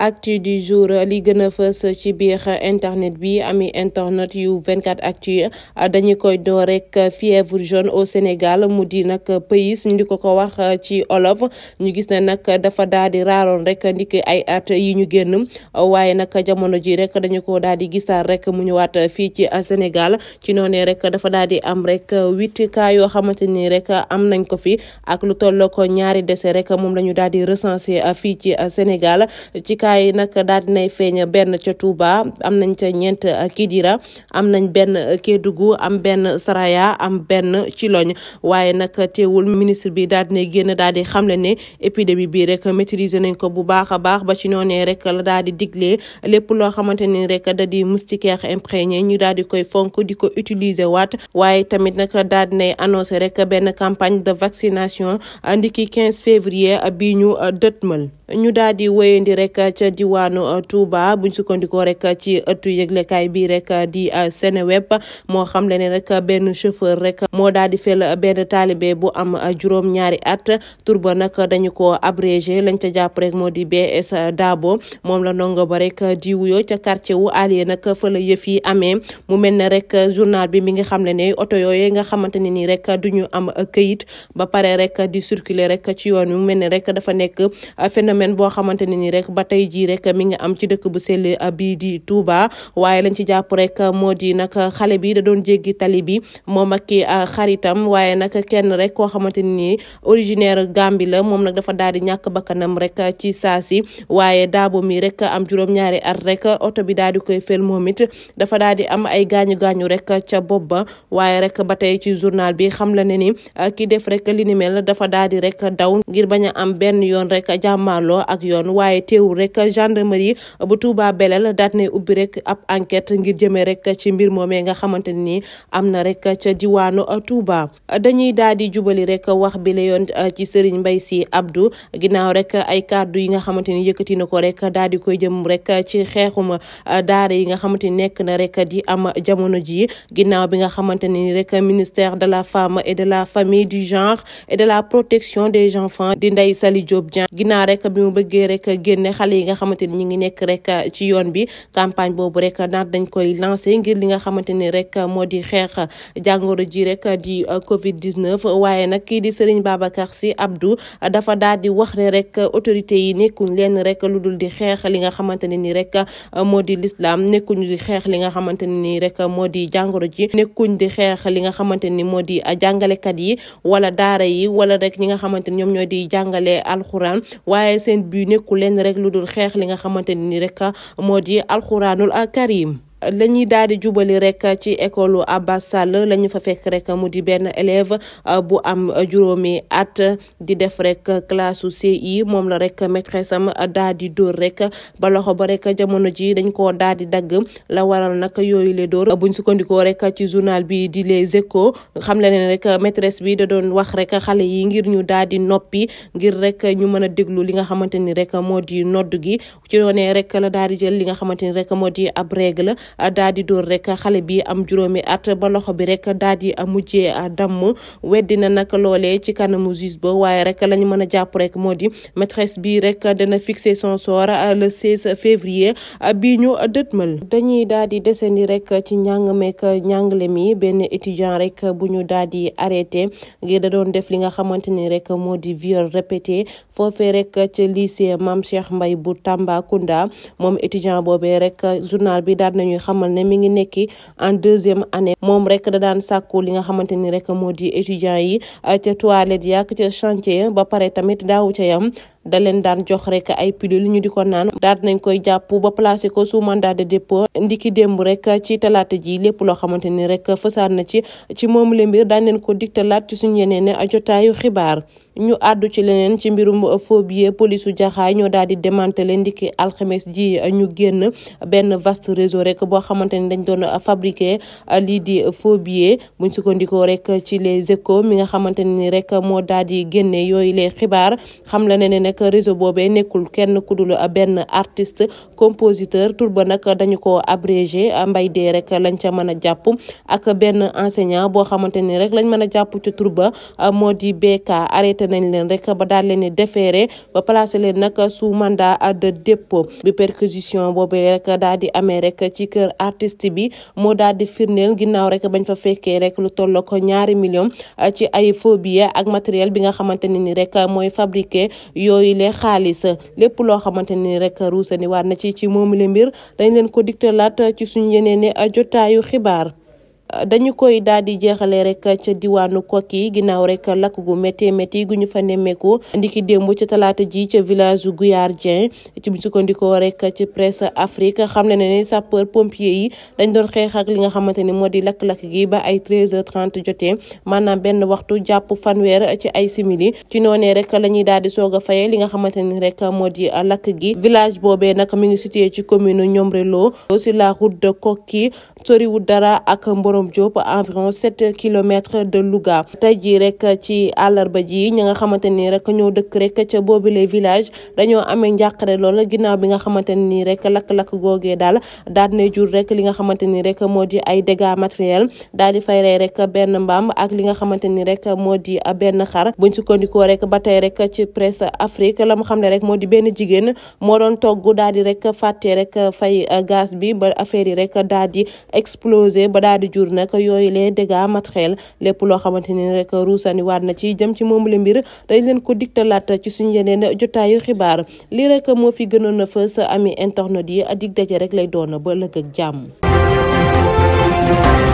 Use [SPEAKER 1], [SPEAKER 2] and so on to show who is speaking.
[SPEAKER 1] actu du jour li gën a fës ci biir internet bi ami internet yu 24 actu dañu koy door rek fièvre jaune au Sénégal mu di nag pays ñu di ko ko wax ci olof ñu gis ne nag dafa daal di raaroon rek ndiki ay at yi ñu génn waaye nag jamono ji rek dañu ko daal di gisaar rek mu ñëwaat fii ci Sénégal ci noonee rek dafa daal di am rek huit cas yoo xamante ni rek am nañ ko fi ak lu toll ko ñaari décès rek moom la ñu daal di recensé fii ci Sénégal ci cas cas yi nag daal dinay feeñ benn ca Touba am nañ ca ñeent Kidira am nañ benn Kédougou am benn Saraya am benn ci looñ waaye nag teewul ministre bi daal dinay génn daal di xamle ne épidémie bi rek maîtriser nañ ko bu baax a baax ba ci noonee rek la daal di diglee lépp loo xamante ni rek da di moustiquaire imprégné ñu daal di koy fonk di ko utiliser waat waaye tamit nag daal dinay annoncé rek benn campagne de vaccination ndiki 15 février bi ñu dëtmal ñu daal di wéyandi rek ca diwaanu euh, Touba buñ sukkandikoo rek ci ëttu yëglekaay bi rek di euh, Seneweb moo xam le ne rek benn chauffeur rek moo daal di fel benn taalibe bu am euh, juróom ñaari at tur ba nag dañu ko abrégé lañ ca jàpp rek moo di BS daabo moom la ndongo ba rek di wuyoo ca quartier wu allier nag fa la yëf yi amee mu mel ne rek journal bi mi nga xam le ne oto yooyu nga xamante ne nii rek duñu am këyit ba pare rek di circuler rek ci yoon wi mu mel ne rek dafa nekk phénomène boo xamante ne ni rek ba tey jii rek mi ngi am ci dëkk bu sell ah, bii di Touba waaye lañ ci jàpp rek moo di nag xale bi da doon jéggi tali bi moom ak ki ah, xaritam waaye nag kenn rek koo xamante ni originaire Gambie la moom nag dafa daal di ñàkk bakkanam rek ci saa si waaye daabo mi rek am juróom-ñaari at rek oto bi daal di koy feel moom it dafa daal di am ay gaañu gaañu rek ca bopp ba waaye rek ba tey ci journal bi xam la ne ni ah, ki def rek li ni dafa daal rek daw ngir bañ am benn tolloo ak yoon waaye teewul rek gendarmerie bu Touba Belel daat ne ubbi rek ab enquête ngir jëmee rek ci mbir moomee nga xamante ni am na rek ca diwaanu Touba dañuy daal di jubali rek wax bi la yoon uh, ci Serigne Mbaye Sy Abdou ginnaaw rek ay kàddu yi nga xamante ni yëkkati na ko rek daal di koy jëm rek ci xeexum uh, daara yi nga xamante ni nekk na rek di am jamono ji ginnaaw bi nga xamante ni rek ministère de la femme de la famille du genre de la protection des enfants di ñu bëggee rek génne xale yi nga xamante ni ñu ngi nekk rek ci yoon bi campagne boobu rek naat dañ koy lancé ngir li nga xamante ni rek moo di xeex jàngoro ji rek di Covid 19 waaye nag kii di Serigne Babacar Sy Abdou dafa daal di wax ne rek autorité yi nekkuñ leen rek lu dul di xeex li nga xamante ne ni rek moo di l'islam nekkuñ di xeex li nga xamante ne ni rek moo di jàngoro ji nekkuñ di xeex li nga xamante ni moo di jàngalekat yi wala daara yi wala rek ñi nga xamante ni ñoom ñoo di jàngale alxuraan waaye seen bu nekkul leen rek lu dul xeex li nga xamante ni rek moo di alxuraanul karim la ñuy daal di jubali rek ci école Abbas Sall la ñu fa fekk rek mu di benn élève euh, bu am juróomi at di def rek classe CI moom la rek maîtresse am daal di dóor rek ba loxo ba rek jamono ji dañ ko daal di dagg la waral nag yooyu le dóor buñ sukkandikoo rek ci journal bi di Les Échos xam leen rek maîtresse bi da doon wax rek xale yi ngir ñu daal di noppi ngir rek ñu mën a déglu li nga xamante ni rek moo di nodd gi ci doonee rek la daal di jël li nga xamante ni rek moo di ab règle daa di dóor rek xale bi am juróomi at ba loxo bi rek daa di mujjee damm weddina naka loole ci kanamu juge ba waaye rek lañ mën a jàpp rek moo di maîtresse bi rek dana fixer son sort euh, le 16 février euh, bii ñu dëtmal dañuy daal di desandi rek ci njàng meek njàngale mi benn étudiant rek bu ñu daal di arrêté da doon def li nga xamante ni rek moo di viol répété foofe rek ci lycée Mame Cheikh Mbaye bu Tambacounda moom étudiant boobee rek journal bi daal nañu xamal ne mi ngi nekki en deuxième année moom rek da daan sàkku li nga xamante ni rek moo di étudiants yi ca toilette yàq ca chantier ba pare tamit daawu ca yam da leen daan jox rek ay pilule ñu di ko naan daal nañ koy jàpp ba placé ko sous mandat de dépôt ndiki démb rek ci talaata ji lépp loo xamante ni rek fësaar na ci ci moomu le mbir daan leen ko digtalaat ci suñu yeneen jotaayu xibaar ñu àddu ci leneen ci mbirum phobie polisu jaxaay ñoo daal di démantelé ndiki alxames ji ñu génn benn vaste réseau rek boo xamante ni dañ doon fabriqué lii di phobie buñ sukkandikoo rek ci les échos mi nga xamante ni rek moo daal di génne yooyu les xibaar nag réseau boobee nekkul kenn ku dul benn artiste compositeur tour ba nag dañu ko abrégé mbay dee rek lañ ca mën a jàpp ak benn enseignant boo xamante ni rek lañ mën a jàpp ci tur ba moo di BK arrêté nañ leen rek ba daal leen di déféré ba placé leen nag sous mandat de dépôt bi perquisition boobee rek daal di amee rek ci kër artiste bi moo daal di firndeel ginnaaw rek bañ fa fekkee rek lu tolloo ko ñaari million ci ay faux billets ak matériel bi nga xamante ne ni yooyu lee xaalis lépp loo xamante ni rek ruusani waat na ci ci moom le mbir dañ leen ko digtalaat ci suñu yeneen a jotaayu xibaar dañu koy daal di jeexale rek ca diwaanu Koki ginnaaw rek lakk gu métti métti gu ñu fa nemmeeku ndiki démb ca talaata ji ca village Guyar Dieng ci bu sukkandikoo rek ci presse Afrique xam na ne sapeur pompier yi dañ doon xeex ak li nga xamante ni moo di lakk-lakk gi ba ay 13 trente 30 jotee maanaam benn waxtu jàpp fanweer ci ay simili ci noonee rek la ñuy daal di soog a fayee li nga xamante ni rek moo di lakk gi village boobee nag mi ngi situé ci commune Niombre Lo sur la route de Koki soriwul Marom Diop environ sept kilomètres de Louga tey rek ci àllarba ji ñi nga xamante ni rek ñoo dëkk rek ca boobule village dañoo amee njàqare lool ginnaaw bi nga xamante ne nii rek lakk-lakk googee daal daal ne jur rek li nga xamante ni rek moo di ay dégâts matériels daal di fay rey rek benn mbaam ak li nga xamante ni rek moo di benn xar buñ sukkandikoo rek ba tey rek ci presse Afrique la xam ne rek moo di benn jigéen moo doon togg daal di rek fàtte rek fay gaz bi ba rek daal jur nag yooyu lee dégâts matériels lépp loo xamante ni rek ruusani waat na ci jëm ci moom le mbir day leen ko digtalaat ci suñ yeneen jotaayu xibaar lii rek moo fi gënoon a fës ami internet yi dig daje rek lay doon ba ëllëg ak jàmm